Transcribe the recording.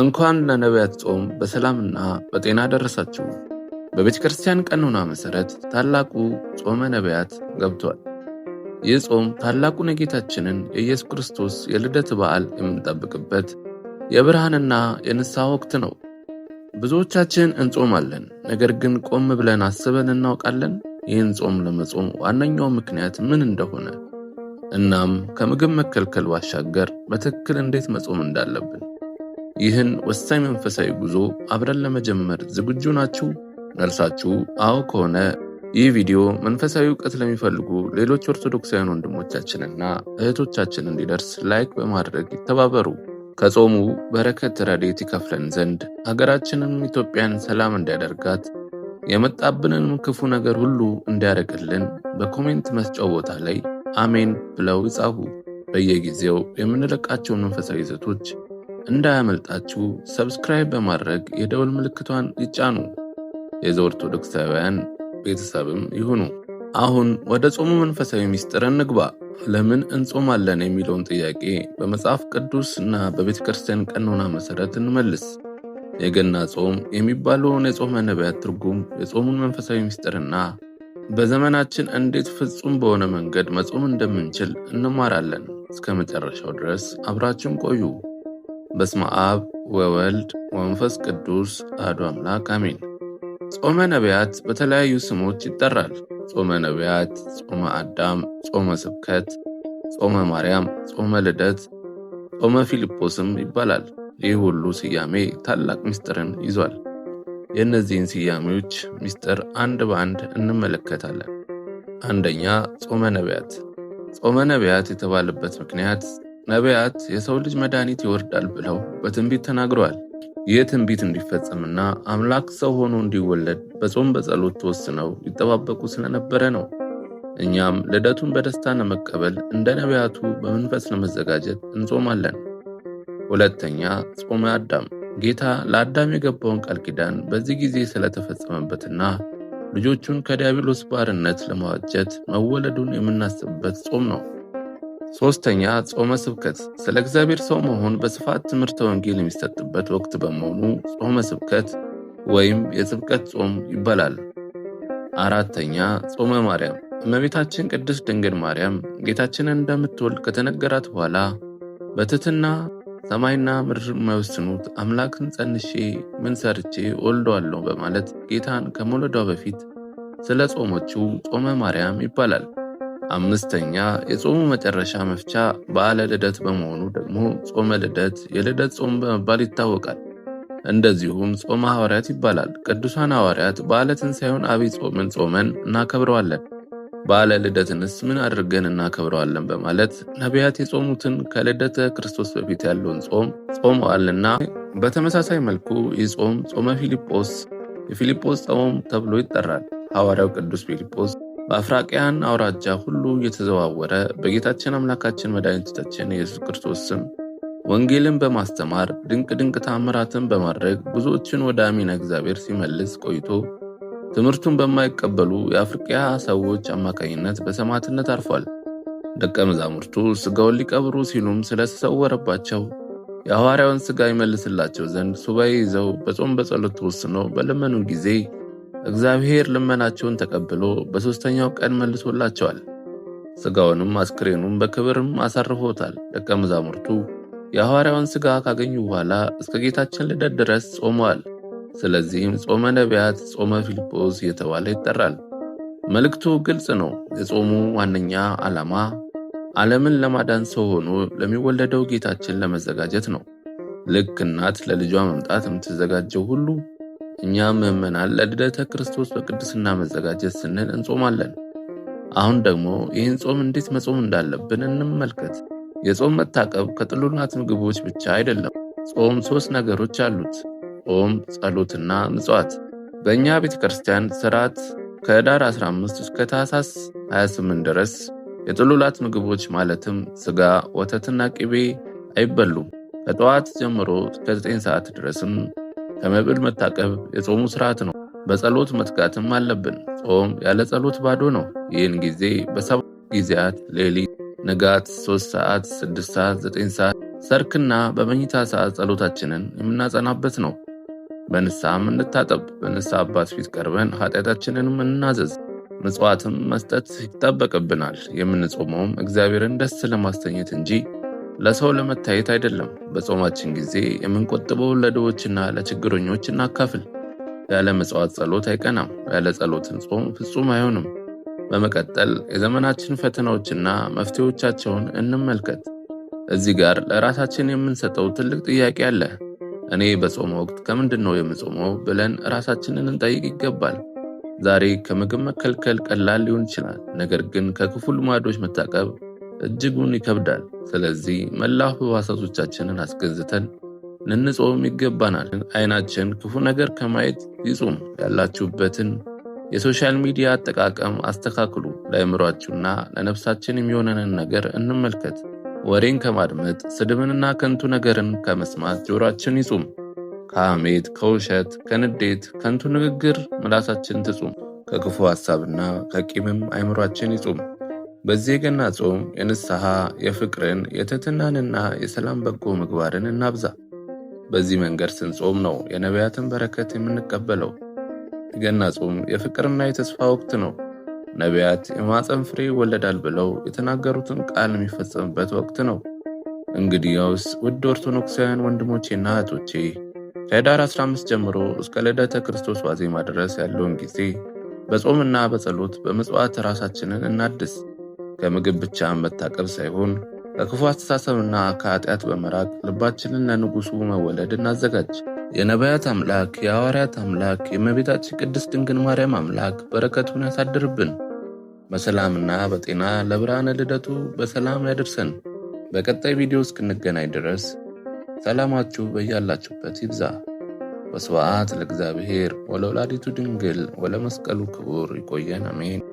እንኳን ለነቢያት ጾም በሰላምና በጤና ደረሳችሁ። በቤተ ክርስቲያን ቀኖና መሠረት ታላቁ ጾመ ነቢያት ገብቷል። ይህ ጾም ታላቁን የጌታችንን የኢየሱስ ክርስቶስ የልደት በዓል የምንጠብቅበት የብርሃንና የንስሐ ወቅት ነው። ብዙዎቻችን እንጾማለን። ነገር ግን ቆም ብለን አስበን እናውቃለን ይህን ጾም ለመጾም ዋነኛው ምክንያት ምን እንደሆነ እናም ከምግብ መከልከል ባሻገር በትክክል እንዴት መጾም እንዳለብን ይህን ወሳኝ መንፈሳዊ ጉዞ አብረን ለመጀመር ዝግጁ ናችሁ? መልሳችሁ አዎ ከሆነ ይህ ቪዲዮ መንፈሳዊ እውቀት ለሚፈልጉ ሌሎች ኦርቶዶክሳውያን ወንድሞቻችንና እህቶቻችን እንዲደርስ ላይክ በማድረግ ይተባበሩ። ከጾሙ በረከት ረድኤት ይከፍለን ዘንድ አገራችንም ኢትዮጵያን ሰላም እንዲያደርጋት የመጣብንንም ክፉ ነገር ሁሉ እንዲያደርግልን በኮሜንት መስጫው ቦታ ላይ አሜን ብለው ይጻፉ። በየጊዜው የምንለቃቸውን መንፈሳዊ ይዘቶች እንዳያመልጣችሁ ሰብስክራይብ በማድረግ የደወል ምልክቷን ይጫኑ። የዘ ኦርቶዶክሳውያን ቤተሰብም ይሁኑ። አሁን ወደ ጾሙ መንፈሳዊ ምስጢር እንግባ። ለምን እንጾማለን የሚለውን ጥያቄ በመጽሐፍ ቅዱስ እና በቤተ ክርስቲያን ቀኖና መሠረት እንመልስ። የገና ጾም የሚባለውን የጾመ ነቢያት ትርጉም፣ የጾሙን መንፈሳዊ ምስጢርና በዘመናችን እንዴት ፍጹም በሆነ መንገድ መጾም እንደምንችል እንማራለን። እስከ መጨረሻው ድረስ አብራችን ቆዩ። በስመ አብ ወወልድ ወመንፈስ ቅዱስ አሐዱ አምላክ አሜን። ጾመ ነቢያት በተለያዩ ስሞች ይጠራል። ጾመ ነቢያት፣ ጾመ አዳም፣ ጾመ ስብከት፣ ጾመ ማርያም፣ ጾመ ልደት፣ ጾመ ፊልጶስም ይባላል። ይህ ሁሉ ስያሜ ታላቅ ምስጢርን ይዟል። የእነዚህን ስያሜዎች ምስጢር አንድ በአንድ እንመለከታለን። አንደኛ ጾመ ነቢያት። ጾመ ነቢያት የተባለበት ምክንያት ነቢያት የሰው ልጅ መድኃኒት ይወርዳል ብለው በትንቢት ተናግረዋል። ይህ ትንቢት እንዲፈጸምና አምላክ ሰው ሆኖ እንዲወለድ በጾም በጸሎት ተወስነው ይጠባበቁ ስለነበረ ነው። እኛም ልደቱን በደስታ ለመቀበል እንደ ነቢያቱ በመንፈስ ለመዘጋጀት እንጾማለን። ሁለተኛ ጾመ አዳም ጌታ ለአዳም የገባውን ቃል ኪዳን በዚህ ጊዜ ስለተፈጸመበትና ልጆቹን ከዲያብሎስ ባርነት ለማዋጀት መወለዱን የምናስብበት ጾም ነው። ሶስተኛ ጾመ ስብከት ስለ እግዚአብሔር ሰው መሆን በስፋት ትምህርተ ወንጌል የሚሰጥበት ወቅት በመሆኑ ጾመ ስብከት ወይም የስብከት ጾም ይባላል። አራተኛ ጾመ ማርያም እመቤታችን ቅድስት ድንግል ማርያም ጌታችንን እንደምትወልድ ከተነገራት በኋላ በትትና ሰማይና ምድር የማይወስኑት አምላክን ጸንሼ ምን ሰርቼ ወልደዋለሁ በማለት ጌታን ከመውለዷ በፊት ስለ ጾሞቹ ጾመ ማርያም ይባላል። አምስተኛ የጾሙ መጨረሻ መፍቻ በዓለ ልደት በመሆኑ ደግሞ ጾመ ልደት የልደት ጾም በመባል ይታወቃል። እንደዚሁም ጾመ ሐዋርያት ይባላል። ቅዱሳን ሐዋርያት በዓለ ትንሣኤውን አብይ ጾምን ጾመን እናከብረዋለን፣ በዓለ ልደትንስ ምን አድርገን እናከብረዋለን በማለት ነቢያት የጾሙትን ከልደተ ክርስቶስ በፊት ያለውን ጾም ጾመዋልና፣ በተመሳሳይ መልኩ ይህ ጾም ጾመ ፊልጶስ፣ የፊልጶስ ጾም ተብሎ ይጠራል። ሐዋርያው ቅዱስ ፊልጶስ በአፍራቅያን አውራጃ ሁሉ እየተዘዋወረ በጌታችን አምላካችን መድኃኒታችን ኢየሱስ ክርስቶስ ስም ወንጌልን በማስተማር ድንቅ ድንቅ ታምራትን በማድረግ ብዙዎችን ወደ አሚነ እግዚአብሔር ሲመልስ ቆይቶ ትምህርቱን በማይቀበሉ የአፍሪቃ ሰዎች አማካኝነት በሰማዕትነት አርፏል። ደቀ መዛሙርቱ ሥጋውን ሊቀብሩ ሲሉም ስለተሰወረባቸው የሐዋርያውን ሥጋ ይመልስላቸው ዘንድ ሱባኤ ይዘው በጾም በጸሎት ተወስነው በለመኑ ጊዜ እግዚአብሔር ልመናቸውን ተቀብሎ በሦስተኛው ቀን መልሶላቸዋል። ሥጋውንም አስክሬኑም በክብርም አሳርፎታል። ደቀ መዛሙርቱ የሐዋርያውን ሥጋ ካገኙ በኋላ እስከ ጌታችን ልደት ድረስ ጾመዋል። ስለዚህም ጾመ ነቢያት፣ ጾመ ፊልጶስ እየተባለ ይጠራል። መልእክቱ ግልጽ ነው። የጾሙ ዋነኛ ዓላማ ዓለምን ለማዳን ሰው ሆኖ ለሚወለደው ጌታችን ለመዘጋጀት ነው። ልክ እናት ለልጇ መምጣት የምትዘጋጀው ሁሉ እኛም ምዕመናን ለልደተ ክርስቶስ በቅድስና መዘጋጀት ስንል እንጾማለን። አሁን ደግሞ ይህን ጾም እንዴት መጾም እንዳለብን እንመልከት። የጾም መታቀብ ከጥሉላት ምግቦች ብቻ አይደለም። ጾም ሶስት ነገሮች አሉት፤ ጾም፣ ጸሎትና ምጽዋት። በእኛ ቤተ ክርስቲያን ስርዓት ከኅዳር 15 እስከ ታኅሳስ 28 ድረስ የጥሉላት ምግቦች ማለትም ስጋ፣ ወተትና ቅቤ አይበሉም። ከጠዋት ጀምሮ እስከ 9 ሰዓት ድረስም ከመብል መታቀብ የጾሙ ስርዓት ነው። በጸሎት መትጋትም አለብን። ጾም ያለ ጸሎት ባዶ ነው። ይህን ጊዜ በሰባት ጊዜያት ሌሊት፣ ንጋት፣ 3 ሰዓት፣ 6 ሰዓት፣ 9 ሰዓት ሰርክና በመኝታ ሰዓት ጸሎታችንን የምናጸናበት ነው። በንስሐም እንታጠብ። በንስሐ አባት ፊት ቀርበን ኃጢአታችንንም እናዘዝ። ምጽዋትም መስጠት ይጠበቅብናል። የምንጾመውም እግዚአብሔርን ደስ ለማስተኘት እንጂ ለሰው ለመታየት አይደለም። በጾማችን ጊዜ የምንቆጥበው ለድሆችና ለችግረኞች እናካፍል። ያለ ምጽዋት ጸሎት አይቀናም፣ ያለ ጸሎትን ጾም ፍጹም አይሆንም። በመቀጠል የዘመናችን ፈተናዎችና መፍትሄዎቻቸውን እንመልከት። እዚህ ጋር ለራሳችን የምንሰጠው ትልቅ ጥያቄ አለ። እኔ በጾም ወቅት ከምንድን ነው የምጾመው ብለን ራሳችንን እንጠይቅ ይገባል። ዛሬ ከምግብ መከልከል ቀላል ሊሆን ይችላል፣ ነገር ግን ከክፉ ልማዶች መታቀብ እጅጉን ይከብዳል። ስለዚህ መላ ሕዋሳቶቻችንን አስገዝተን ልንጾም ይገባናል። አይናችን ክፉ ነገር ከማየት ይጹም። ያላችሁበትን የሶሻል ሚዲያ አጠቃቀም አስተካክሉ። ለአእምሯችሁና ለነፍሳችን የሚሆነንን ነገር እንመልከት። ወሬን ከማድመጥ ስድብንና ከንቱ ነገርን ከመስማት ጆሯችን ይጹም። ከሐሜት፣ ከውሸት፣ ከንዴት፣ ከንቱ ንግግር ምላሳችን ትጹም። ከክፉ ሐሳብና ከቂምም አይምሯችን ይጹም። በዚህ የገና ጾም የንስሐ የፍቅርን የትህትናንና የሰላም በጎ ምግባርን እናብዛ። በዚህ መንገድ ስንጾም ነው የነቢያትን በረከት የምንቀበለው። የገና ጾም የፍቅርና የተስፋ ወቅት ነው። ነቢያት የማኅፀን ፍሬ ይወለዳል ብለው የተናገሩትን ቃል የሚፈጸምበት ወቅት ነው። እንግዲያውስ ውድ ኦርቶዶክሳውያን ወንድሞቼና እህቶቼ ከዳር 15 ጀምሮ እስከ ልደተ ክርስቶስ ዋዜማ ድረስ ያለውን ጊዜ በጾምና በጸሎት በምጽዋት ራሳችንን እናድስ። ከምግብ ብቻ መታቀብ ሳይሆን ከክፉ አስተሳሰብና ከኃጢአት በመራቅ ልባችንን ለንጉሡ መወለድ እናዘጋጅ። የነቢያት አምላክ፣ የሐዋርያት አምላክ፣ የእመቤታችን ቅድስት ድንግል ማርያም አምላክ በረከቱን ያሳድርብን። በሰላምና በጤና ለብርሃነ ልደቱ በሰላም ያደርሰን። በቀጣይ ቪዲዮ እስክንገናኝ ድረስ ሰላማችሁ በያላችሁበት ይብዛ። ወስብሐት ለእግዚአብሔር ወለወላዲቱ ድንግል ወለመስቀሉ ክቡር። ይቆየን። አሜን።